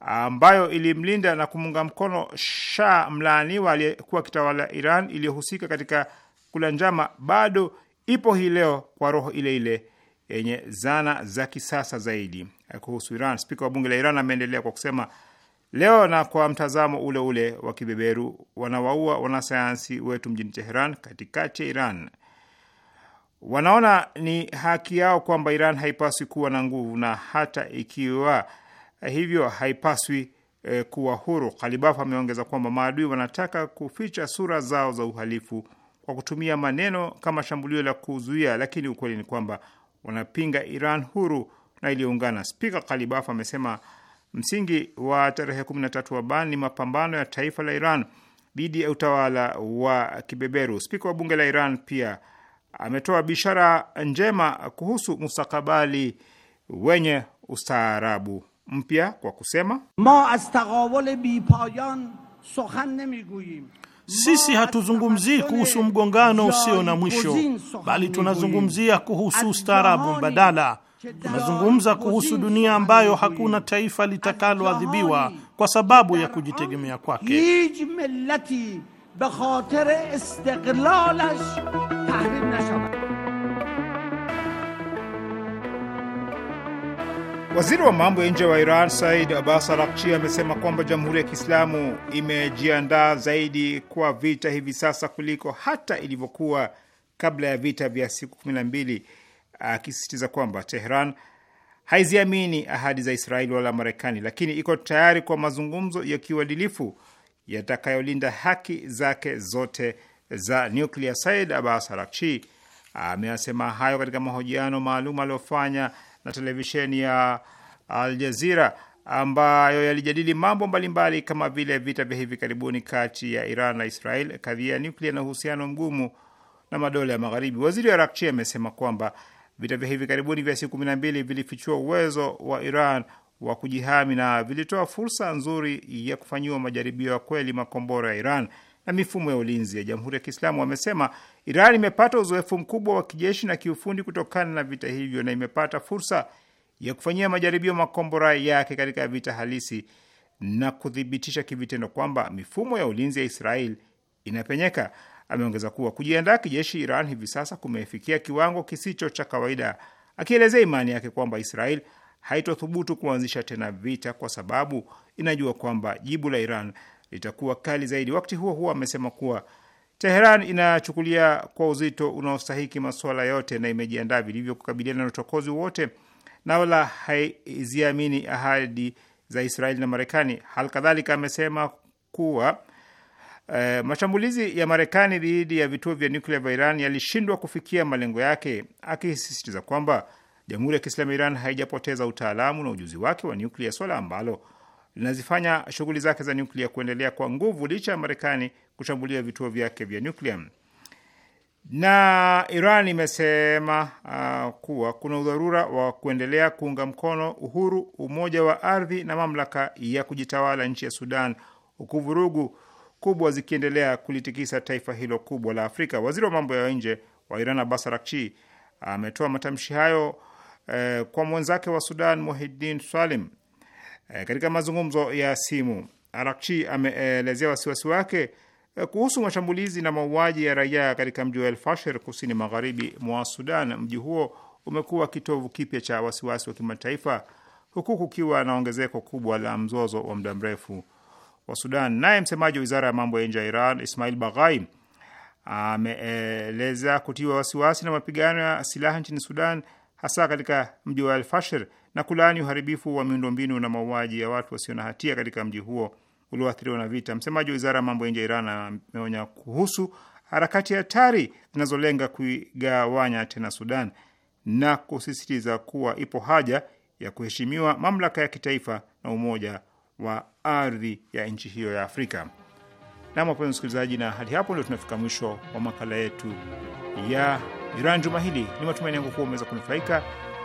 Speaker 2: ambayo ilimlinda na kumunga mkono Shah mlaaniwa aliyekuwa akitawala Iran iliyohusika katika kula njama bado ipo hii leo kwa roho ile ile yenye zana za kisasa zaidi kuhusu Iran. Spika wa bunge la Iran ameendelea kwa kusema, leo na kwa mtazamo ule ule wa kibeberu wanawaua wanasayansi wetu mjini Teheran, katikati ya Iran. Wanaona ni haki yao kwamba Iran haipaswi kuwa na nguvu, na hata ikiwa Eh, hivyo haipaswi e, kuwa huru. Kalibaf ameongeza kwamba maadui wanataka kuficha sura zao za uhalifu kwa kutumia maneno kama shambulio la kuzuia, lakini ukweli ni kwamba wanapinga Iran huru na iliyoungana. Spika Kalibaf amesema msingi wa tarehe 13 wa Ban ni mapambano ya taifa la Iran dhidi ya utawala wa kibeberu. Spika wa bunge la Iran pia ametoa bishara njema kuhusu mustakabali wenye ustaarabu mpya kwa kusema ma
Speaker 4: bi payan
Speaker 2: sisi hatuzungumzii
Speaker 5: kuhusu mgongano usio na mwisho, bali tunazungumzia kuhusu ustaarabu mbadala. Tunazungumza kuhusu dunia ambayo hakuna taifa litakaloadhibiwa kwa sababu ya kujitegemea kwake.
Speaker 2: Waziri wa mambo ya nje wa Iran Said Abbas arakchi amesema kwamba Jamhuri ya Kiislamu imejiandaa zaidi kwa vita hivi sasa kuliko hata ilivyokuwa kabla ya vita vya siku kumi na mbili, akisisitiza kwamba Tehran haiziamini ahadi za Israeli wala Marekani, lakini iko tayari kwa mazungumzo ya kiuadilifu yatakayolinda haki zake zote za nuklia. Said Abbas arakchi ameasema hayo katika mahojiano maalum aliyofanya na televisheni ya Al Jazeera ambayo yalijadili mambo mbalimbali kama vile vita vya hivi karibuni kati ya Iran na Israel, kadhia ya nuklia na uhusiano mgumu na madola ya Magharibi. Waziri wa Rakchi amesema kwamba vita vya hivi karibuni vya siku kumi na mbili vilifichua uwezo wa Iran wa kujihami na vilitoa fursa nzuri ya kufanyiwa majaribio ya kweli makombora ya Iran na mifumo ya ulinzi ya Jamhuri ya Kiislamu wamesema Iran imepata uzoefu mkubwa wa kijeshi na kiufundi kutokana na vita hivyo na imepata fursa ya kufanyia majaribio makombora yake katika vita halisi na kuthibitisha kivitendo kwamba mifumo ya ulinzi ya Israel inapenyeka. Ameongeza kuwa kujiandaa kijeshi Iran hivi sasa kumefikia kiwango kisicho cha kawaida, akielezea imani yake kwamba Israel haitothubutu kuanzisha tena vita kwa sababu inajua kwamba jibu la Iran litakuwa kali zaidi. Wakati huo huo, amesema kuwa Teheran inachukulia kwa uzito unaostahiki masuala yote na imejiandaa vilivyo kukabiliana na uchokozi wote na wala haiziamini ahadi za Israeli na Marekani. Hali kadhalika amesema kuwa e, mashambulizi ya Marekani dhidi ya vituo vya nyuklia vya Iran yalishindwa kufikia malengo yake, akisisitiza kwamba Jamhuri ya Kiislamu ya Iran haijapoteza utaalamu na ujuzi wake wa nyuklia, swala ambalo linazifanya shughuli zake za nyuklia kuendelea kwa nguvu licha ya Marekani kushambulia vituo vyake vya nyuklia. Na Iran imesema uh, kuwa kuna udharura wa kuendelea kuunga mkono uhuru, umoja wa ardhi na mamlaka ya kujitawala nchi ya Sudan, huku vurugu kubwa zikiendelea kulitikisa taifa hilo kubwa la Afrika. Waziri wa mambo ya nje wa Iran Abbas Araghchi ametoa uh, matamshi hayo uh, kwa mwenzake wa Sudan Muhiddin Salim E, katika mazungumzo ya simu Arakchi ameelezea wasiwasi wake eh, kuhusu mashambulizi na mauaji ya raia katika mji wa El Fasher kusini magharibi mwa Sudan. Mji huo umekuwa kitovu kipya cha wasiwasi wa kimataifa huku kukiwa na ongezeko kubwa la mzozo wa muda mrefu wa Sudan. Naye msemaji wa wizara ya mambo ya nje ya Iran Ismail Baghai ameeleza kutiwa wasiwasi na mapigano ya silaha nchini Sudan, hasa katika mji wa El na kulaani uharibifu wa miundombinu na mauaji ya watu wasio na hatia katika mji huo ulioathiriwa na vita. Msemaji wa wizara ya mambo ya nje ya Iran ameonya kuhusu harakati hatari zinazolenga kuigawanya tena Sudan na kusisitiza kuwa ipo haja ya kuheshimiwa mamlaka ya kitaifa na umoja wa ardhi ya nchi hiyo ya Afrika. Nam, wapenzi msikilizaji, na hadi hapo ndio tunafika mwisho wa makala yetu ya Iran juma hili. Ni matumaini yangu kuwa umeweza kunufaika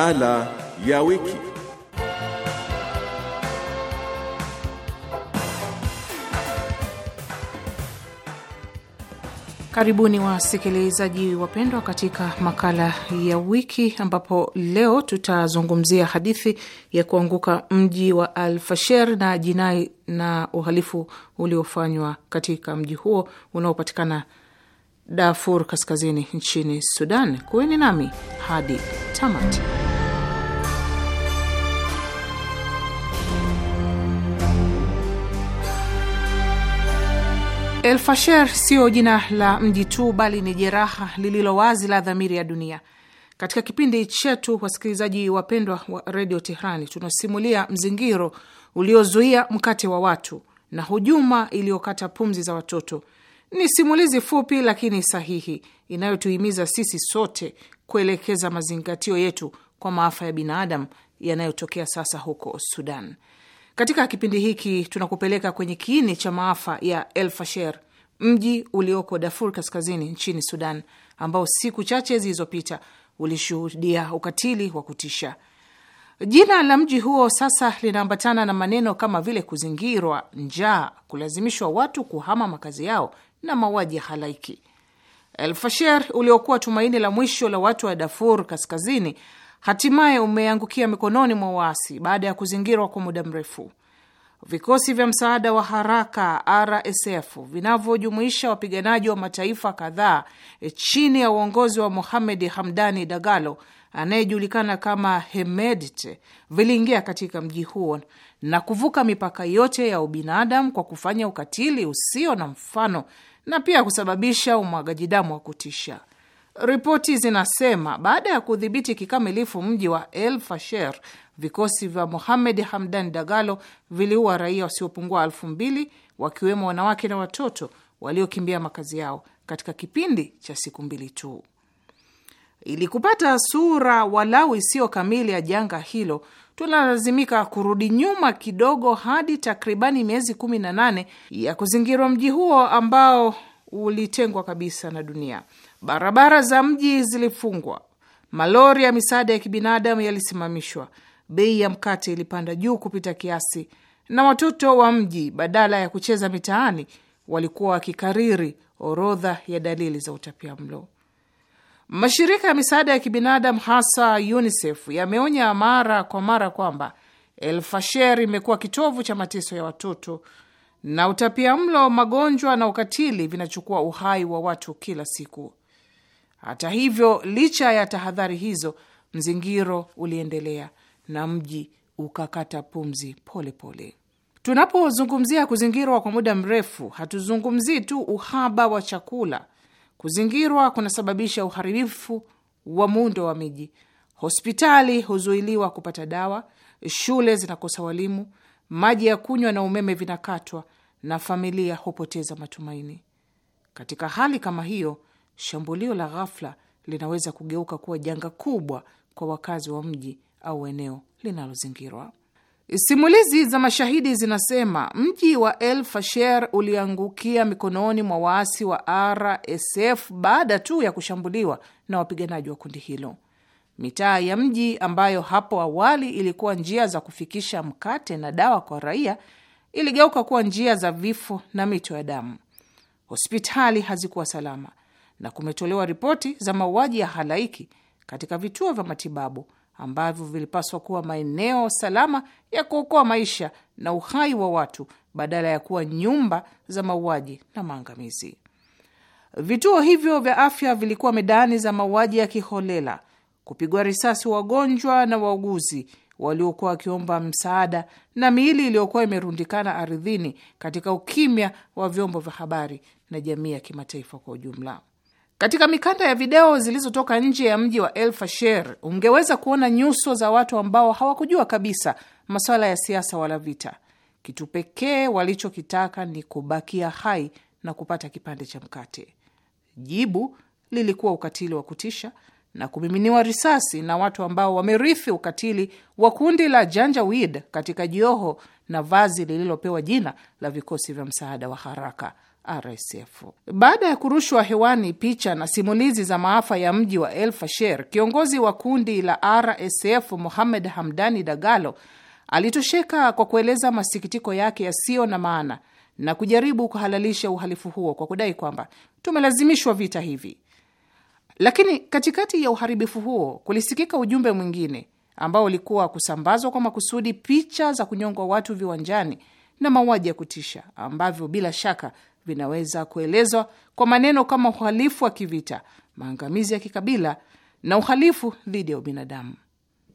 Speaker 3: Makala ya wiki.
Speaker 4: Karibuni wasikilizaji wapendwa, katika makala ya wiki ambapo leo tutazungumzia hadithi ya kuanguka mji wa Al-Fasher na jinai na uhalifu uliofanywa katika mji huo unaopatikana Darfur kaskazini nchini Sudan. Kuweni nami hadi tamati. El Fasher jina la mji tu, bali ni jeraha lililo wazi la dhamiri ya dunia. Katika kipindi chetu, wasikilizaji wapendwa wa redio Tehrani, tunasimulia mzingiro uliozuia mkate wa watu na hujuma iliyokata pumzi za watoto. Ni simulizi fupi lakini sahihi inayotuhimiza sisi sote kuelekeza mazingatio yetu kwa maafa ya binadamu yanayotokea sasa huko Sudan. Katika kipindi hiki tunakupeleka kwenye kiini cha maafa ya El Fasher, mji ulioko Darfur kaskazini nchini Sudan, ambao siku chache zilizopita ulishuhudia ukatili wa kutisha. Jina la mji huo sasa linaambatana na maneno kama vile kuzingirwa, njaa, kulazimishwa watu kuhama makazi yao na mauaji ya halaiki. El Fasher uliokuwa tumaini la mwisho la watu wa Darfur kaskazini hatimaye umeangukia mikononi mwa waasi baada ya kuzingirwa kwa muda mrefu. Vikosi vya msaada wa haraka RSF vinavyojumuisha wapiganaji wa mataifa kadhaa e, chini ya uongozi wa Mohamed Hamdani Dagalo anayejulikana kama Hemedti viliingia katika mji huo na kuvuka mipaka yote ya ubinadamu kwa kufanya ukatili usio na mfano na pia kusababisha umwagaji damu wa kutisha. Ripoti zinasema baada ya kudhibiti kikamilifu mji wa El Fasher, vikosi vya Mohamed Hamdan Dagalo viliua raia wasiopungua elfu mbili wakiwemo wanawake na watoto waliokimbia makazi yao katika kipindi cha siku mbili tu. Ili kupata sura walau isiyo kamili ya janga hilo, tunalazimika kurudi nyuma kidogo hadi takribani miezi 18 ya kuzingirwa mji huo ambao ulitengwa kabisa na dunia. Barabara za mji zilifungwa, malori ya misaada ya kibinadamu yalisimamishwa, bei ya mkate ilipanda juu kupita kiasi, na watoto wa mji badala ya kucheza mitaani walikuwa wakikariri orodha ya dalili za utapia mlo Mashirika ya misaada ya kibinadamu hasa UNICEF yameonya mara kwa mara kwamba El Fasher imekuwa kitovu cha mateso ya watoto na utapia mlo magonjwa na ukatili vinachukua uhai wa watu kila siku. Hata hivyo, licha ya tahadhari hizo, mzingiro uliendelea na mji ukakata pumzi polepole. Tunapozungumzia kuzingirwa kwa muda mrefu, hatuzungumzii tu uhaba wa chakula. Kuzingirwa kunasababisha uharibifu wa muundo wa miji. Hospitali huzuiliwa kupata dawa, shule zinakosa walimu, maji ya kunywa na umeme vinakatwa, na familia hupoteza matumaini. Katika hali kama hiyo, shambulio la ghafla linaweza kugeuka kuwa janga kubwa kwa wakazi wa mji au eneo linalozingirwa. Simulizi za mashahidi zinasema mji wa El Fasher uliangukia mikononi mwa waasi wa RSF baada tu ya kushambuliwa na wapiganaji wa kundi hilo. Mitaa ya mji ambayo hapo awali ilikuwa njia za kufikisha mkate na dawa kwa raia iligeuka kuwa njia za vifo na mito ya damu. Hospitali hazikuwa salama na kumetolewa ripoti za mauaji ya halaiki katika vituo vya matibabu ambavyo vilipaswa kuwa maeneo salama ya kuokoa maisha na uhai wa watu badala ya kuwa nyumba za mauaji na maangamizi. Vituo hivyo vya afya vilikuwa medani za mauaji ya kiholela, kupigwa risasi wagonjwa na wauguzi waliokuwa wakiomba msaada na miili iliyokuwa imerundikana ardhini katika ukimya wa vyombo vya habari na jamii ya kimataifa kwa ujumla. Katika mikanda ya video zilizotoka nje ya mji wa El Fasher ungeweza kuona nyuso za watu ambao hawakujua kabisa masuala ya siasa wala vita. Kitu pekee walichokitaka ni kubakia hai na kupata kipande cha mkate. Jibu lilikuwa ukatili wa kutisha na kumiminiwa risasi na watu ambao wamerithi ukatili wa kundi la Janjaweed katika joho na vazi lililopewa jina la vikosi vya msaada wa haraka. RSF. Baada ya kurushwa hewani picha na simulizi za maafa ya mji wa El Fasher, kiongozi wa kundi la RSF Mohamed Hamdani Dagalo alitosheka kwa kueleza masikitiko yake yasiyo na maana na kujaribu kuhalalisha uhalifu huo kwa kudai kwamba tumelazimishwa vita hivi. Lakini katikati ya uharibifu huo kulisikika ujumbe mwingine ambao ulikuwa kusambazwa kwa makusudi picha za kunyongwa watu viwanjani na mauaji ya kutisha ambavyo bila shaka vinaweza kuelezwa kwa maneno kama uhalifu wa kivita, maangamizi ya kikabila na uhalifu dhidi ya ubinadamu.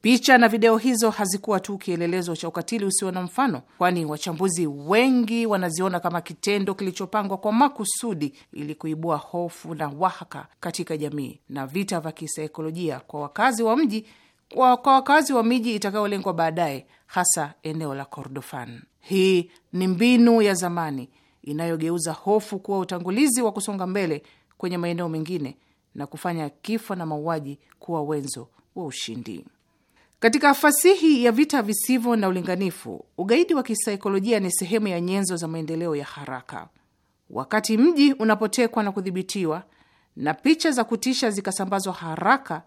Speaker 4: Picha na video hizo hazikuwa tu kielelezo cha ukatili usio na mfano, kwani wachambuzi wengi wanaziona kama kitendo kilichopangwa kwa makusudi ili kuibua hofu na wahaka katika jamii na vita vya kisaikolojia kwa wakazi wa mji kwa, kwa wakazi wa miji itakayolengwa baadaye, hasa eneo la Kordofan. Hii ni mbinu ya zamani inayogeuza hofu kuwa utangulizi wa kusonga mbele kwenye maeneo mengine na kufanya kifo na mauaji kuwa wenzo wa ushindi. Katika fasihi ya vita visivyo na ulinganifu, ugaidi wa kisaikolojia ni sehemu ya nyenzo za maendeleo ya haraka. Wakati mji unapotekwa na kudhibitiwa na picha za kutisha zikasambazwa haraka,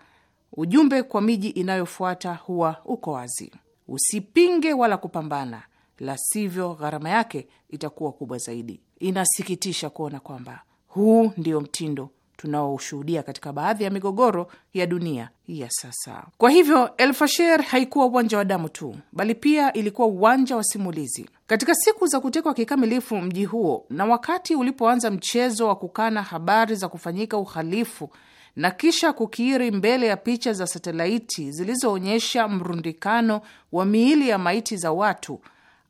Speaker 4: ujumbe kwa miji inayofuata huwa uko wazi: usipinge wala kupambana, la sivyo gharama yake itakuwa kubwa zaidi. Inasikitisha kuona kwamba huu ndio mtindo tunaoshuhudia katika baadhi ya migogoro ya dunia ya sasa. Kwa hivyo, El Fasher haikuwa uwanja wa damu tu, bali pia ilikuwa uwanja wa simulizi. Katika siku za kutekwa kikamilifu mji huo na wakati ulipoanza mchezo wa kukana habari za kufanyika uhalifu na kisha kukiri mbele ya picha za satelaiti zilizoonyesha mrundikano wa miili ya maiti za watu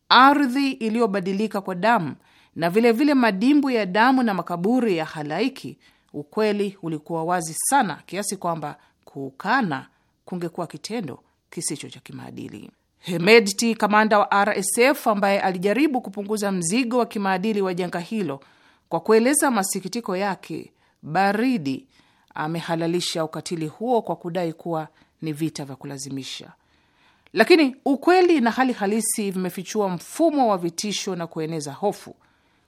Speaker 4: ardhi iliyobadilika kwa damu na vilevile vile madimbu ya damu na makaburi ya halaiki, ukweli ulikuwa wazi sana kiasi kwamba kuukana kungekuwa kitendo kisicho cha kimaadili. Hemedti, kamanda wa RSF ambaye alijaribu kupunguza mzigo wa kimaadili wa janga hilo kwa kueleza masikitiko yake baridi, amehalalisha ukatili huo kwa kudai kuwa ni vita vya kulazimisha. Lakini ukweli na hali halisi vimefichua mfumo wa vitisho na kueneza hofu,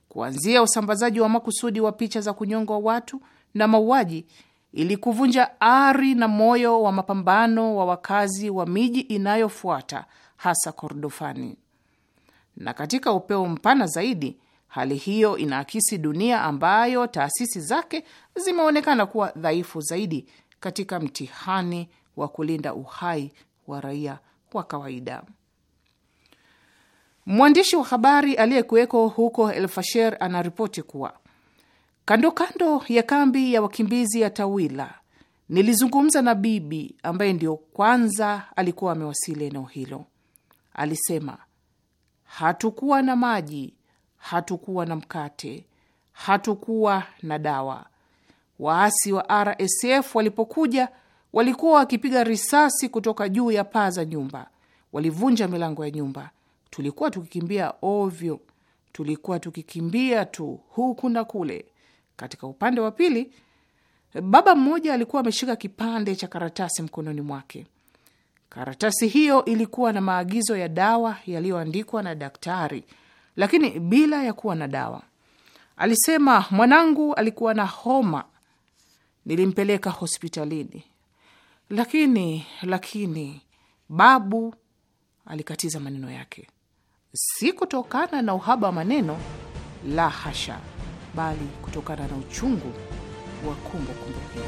Speaker 4: kuanzia usambazaji wa makusudi wa picha za kunyongwa watu na mauaji ili kuvunja ari na moyo wa mapambano wa wakazi wa miji inayofuata hasa Kordofani. Na katika upeo mpana zaidi, hali hiyo inaakisi dunia ambayo taasisi zake zimeonekana kuwa dhaifu zaidi katika mtihani wa kulinda uhai wa raia wa kawaida. Mwandishi wa habari aliyekuweko huko El Fasher anaripoti kuwa kando kando ya kambi ya wakimbizi ya Tawila nilizungumza na bibi ambaye ndiyo kwanza alikuwa amewasili eneo hilo. Alisema hatukuwa na maji, hatukuwa na mkate, hatukuwa na dawa. Waasi wa RSF walipokuja Walikuwa wakipiga risasi kutoka juu ya paa za nyumba, walivunja milango ya nyumba. Tulikuwa tukikimbia ovyo, tulikuwa tukikimbia tu huku na kule. Katika upande wa pili, baba mmoja alikuwa ameshika kipande cha karatasi mkononi mwake. Karatasi hiyo ilikuwa na maagizo ya dawa yaliyoandikwa na daktari, lakini bila ya kuwa na dawa. Alisema mwanangu alikuwa na homa, nilimpeleka hospitalini lakini lakini babu alikatiza maneno yake, si kutokana na uhaba wa maneno, la hasha, bali kutokana na uchungu wa
Speaker 1: kumbukumbu hiyo.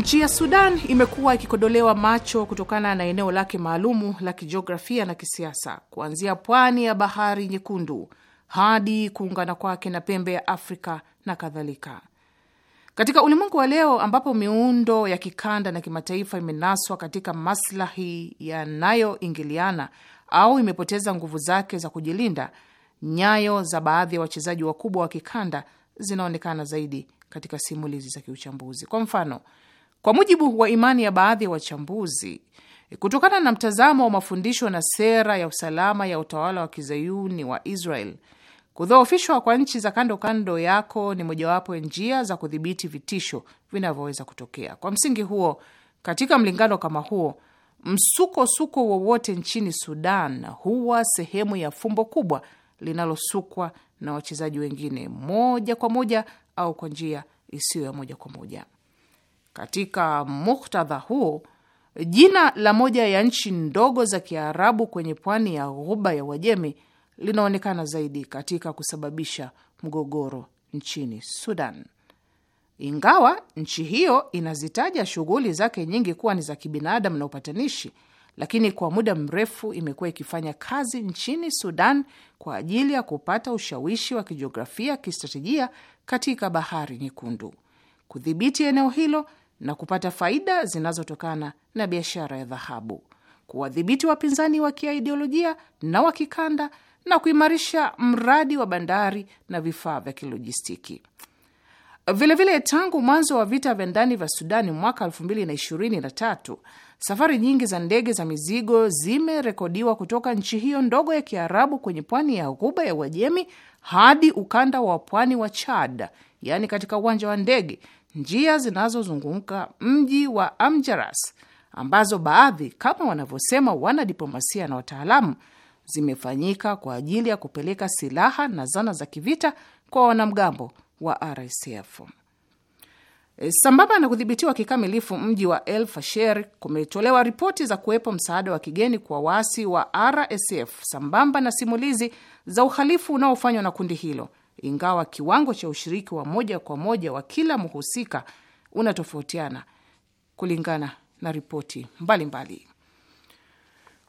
Speaker 4: Nchi ya Sudan imekuwa ikikodolewa macho kutokana na eneo lake maalumu la kijiografia na kisiasa, kuanzia pwani ya bahari Nyekundu hadi kuungana kwake na pembe ya Afrika na kadhalika. Katika ulimwengu wa leo ambapo miundo ya kikanda na kimataifa imenaswa katika maslahi yanayoingiliana au imepoteza nguvu zake za kujilinda, nyayo za baadhi ya wachezaji wakubwa wa kikanda zinaonekana zaidi katika simulizi za kiuchambuzi. Kwa mfano, kwa mujibu wa imani ya baadhi ya wachambuzi, kutokana na mtazamo wa mafundisho na sera ya usalama ya utawala wa kizayuni wa Israel Kudhoofishwa kwa nchi za kando kando yako ni mojawapo ya njia za kudhibiti vitisho vinavyoweza kutokea. Kwa msingi huo, katika mlingano kama huo, msukosuko wowote nchini Sudan huwa sehemu ya fumbo kubwa linalosukwa na wachezaji wengine moja kwa moja au kwa njia isiyo ya moja kwa moja. Katika muktadha huo, jina la moja ya nchi ndogo za Kiarabu kwenye pwani ya Ghuba ya Uajemi linaonekana zaidi katika kusababisha mgogoro nchini Sudan. Ingawa nchi hiyo inazitaja shughuli zake nyingi kuwa ni za kibinadamu na upatanishi, lakini kwa muda mrefu imekuwa ikifanya kazi nchini Sudan kwa ajili ya kupata ushawishi wa kijiografia, kistratejia katika Bahari Nyekundu, kudhibiti eneo hilo na kupata faida zinazotokana na biashara ya dhahabu, kuwadhibiti wapinzani wa kiaidiolojia na wa kikanda na kuimarisha mradi wa bandari na vifaa vya kilojistiki. Vilevile, tangu mwanzo wa vita vya ndani vya Sudani mwaka 2023 safari nyingi za ndege za mizigo zimerekodiwa kutoka nchi hiyo ndogo ya Kiarabu kwenye pwani ya ghuba ya Uajemi hadi ukanda wa pwani wa Chad, yaani katika uwanja wa ndege, njia zinazozunguka mji wa Amjaras ambazo baadhi, kama wanavyosema wanadiplomasia na wataalamu, zimefanyika kwa ajili ya kupeleka silaha na zana za kivita kwa wanamgambo wa RSF. E, sambamba na kudhibitiwa kikamilifu mji wa El Fasher, kumetolewa ripoti za kuwepo msaada wa kigeni kwa waasi wa RSF sambamba na simulizi za uhalifu unaofanywa na kundi hilo, ingawa kiwango cha ushiriki wa moja kwa moja wa kila mhusika unatofautiana kulingana na ripoti mbalimbali.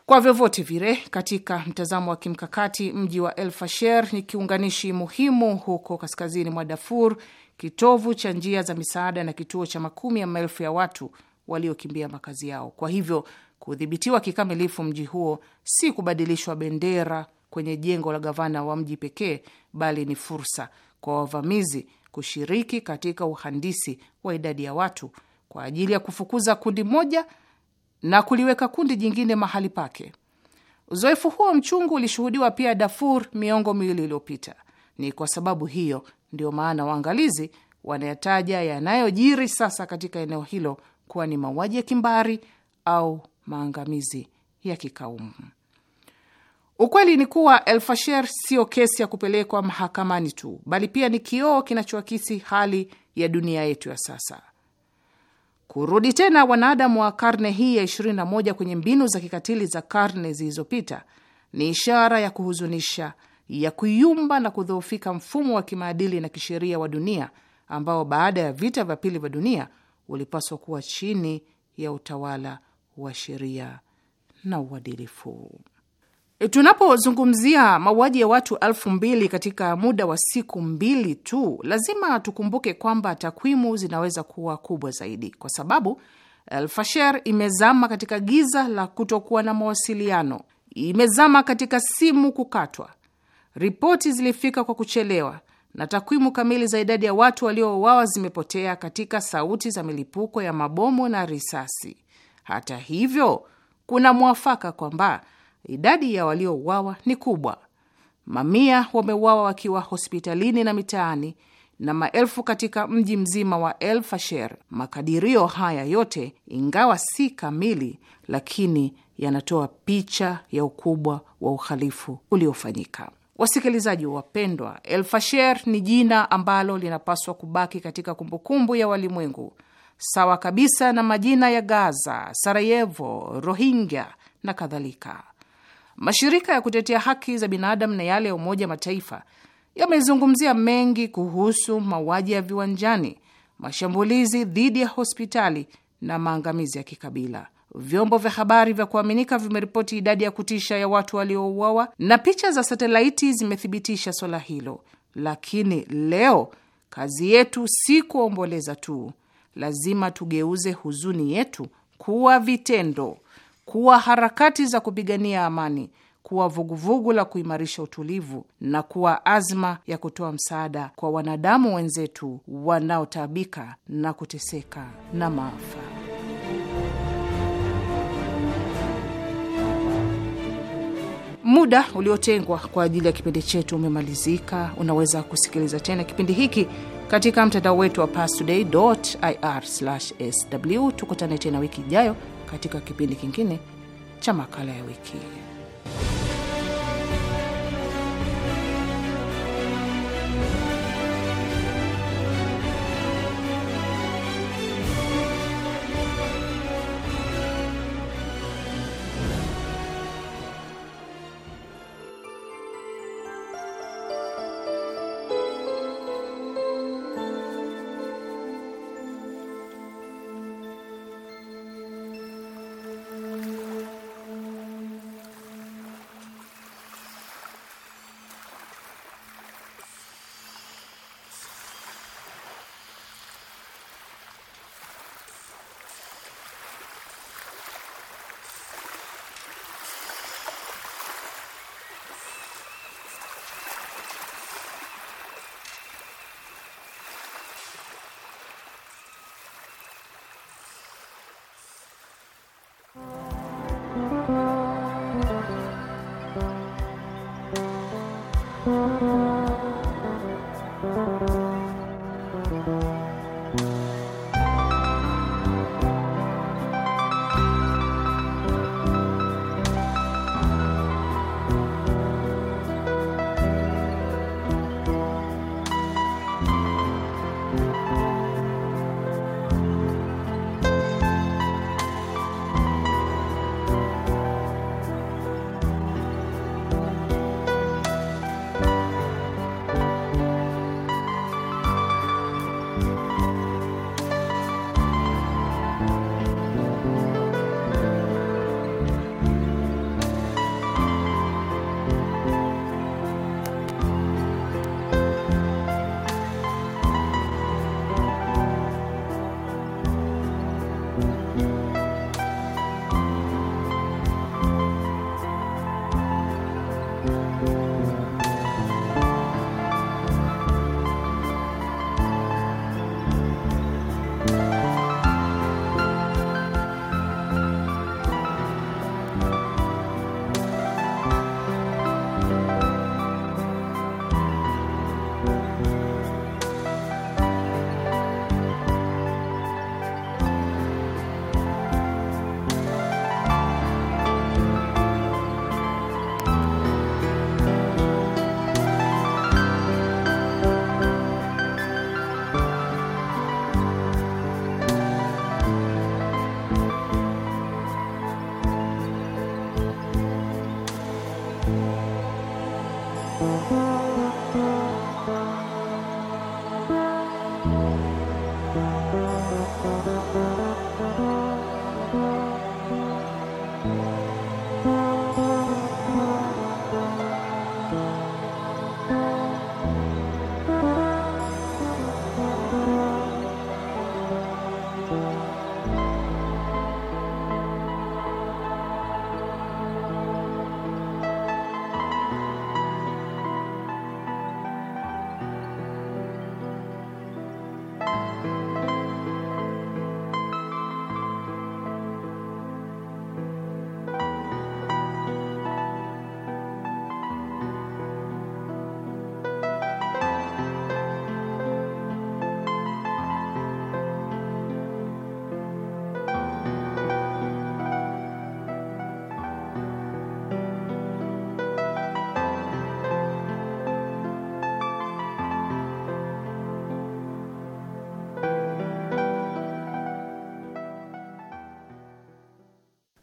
Speaker 4: Kwa vyovyote vile, katika mtazamo wa kimkakati, mji wa El Fasher ni kiunganishi muhimu huko kaskazini mwa Darfur, kitovu cha njia za misaada na kituo cha makumi ya maelfu ya watu waliokimbia makazi yao. Kwa hivyo kudhibitiwa kikamilifu mji huo si kubadilishwa bendera kwenye jengo la gavana wa mji pekee, bali ni fursa kwa wavamizi kushiriki katika uhandisi wa idadi ya watu kwa ajili ya kufukuza kundi moja na kuliweka kundi jingine mahali pake. Uzoefu huo mchungu ulishuhudiwa pia Darfur miongo miwili iliyopita. Ni kwa sababu hiyo ndiyo maana waangalizi wanayataja yanayojiri sasa katika eneo hilo kuwa ni mauaji ya kimbari au maangamizi ya kikaumu. Ukweli ni kuwa Elfasher siyo kesi ya kupelekwa mahakamani tu, bali pia ni kioo kinachoakisi hali ya dunia yetu ya sasa. Kurudi tena wanadamu wa karne hii ya 21 kwenye mbinu za kikatili za karne zilizopita ni ishara ya kuhuzunisha ya kuyumba na kudhoofika mfumo wa kimaadili na kisheria wa dunia ambao baada ya vita vya pili vya dunia ulipaswa kuwa chini ya utawala wa sheria na uadilifu. E, tunapozungumzia mauaji ya watu elfu mbili katika muda wa siku mbili tu, lazima tukumbuke kwamba takwimu zinaweza kuwa kubwa zaidi, kwa sababu Alfasher imezama katika giza la kutokuwa na mawasiliano, imezama katika simu kukatwa, ripoti zilifika kwa kuchelewa, na takwimu kamili za idadi ya watu waliouawa zimepotea katika sauti za milipuko ya mabomu na risasi. Hata hivyo, kuna mwafaka kwamba idadi ya waliouawa ni kubwa. Mamia wameuawa wakiwa hospitalini na mitaani na maelfu katika mji mzima wa El Fasher. Makadirio haya yote, ingawa si kamili, lakini yanatoa picha ya ukubwa wa uhalifu uliofanyika. Wasikilizaji wapendwa, El Fasher ni jina ambalo linapaswa kubaki katika kumbukumbu ya walimwengu, sawa kabisa na majina ya Gaza, Sarajevo, Rohingya na kadhalika. Mashirika ya kutetea haki za binadamu na yale ya Umoja Mataifa yamezungumzia mengi kuhusu mauaji ya viwanjani, mashambulizi dhidi ya hospitali na maangamizi ya kikabila. Vyombo vya habari vya kuaminika vimeripoti idadi ya kutisha ya watu waliouawa na picha za satelaiti zimethibitisha swala hilo. Lakini leo kazi yetu si kuomboleza tu, lazima tugeuze huzuni yetu kuwa vitendo kuwa harakati za kupigania amani, kuwa vuguvugu la kuimarisha utulivu na kuwa azma ya kutoa msaada kwa wanadamu wenzetu wanaotaabika na kuteseka na maafa. Muda uliotengwa kwa ajili ya kipindi chetu umemalizika. Unaweza kusikiliza tena kipindi hiki katika mtandao wetu wa pastoday.ir/sw. Tukutane tena wiki ijayo katika kipindi kingine cha makala ya wiki.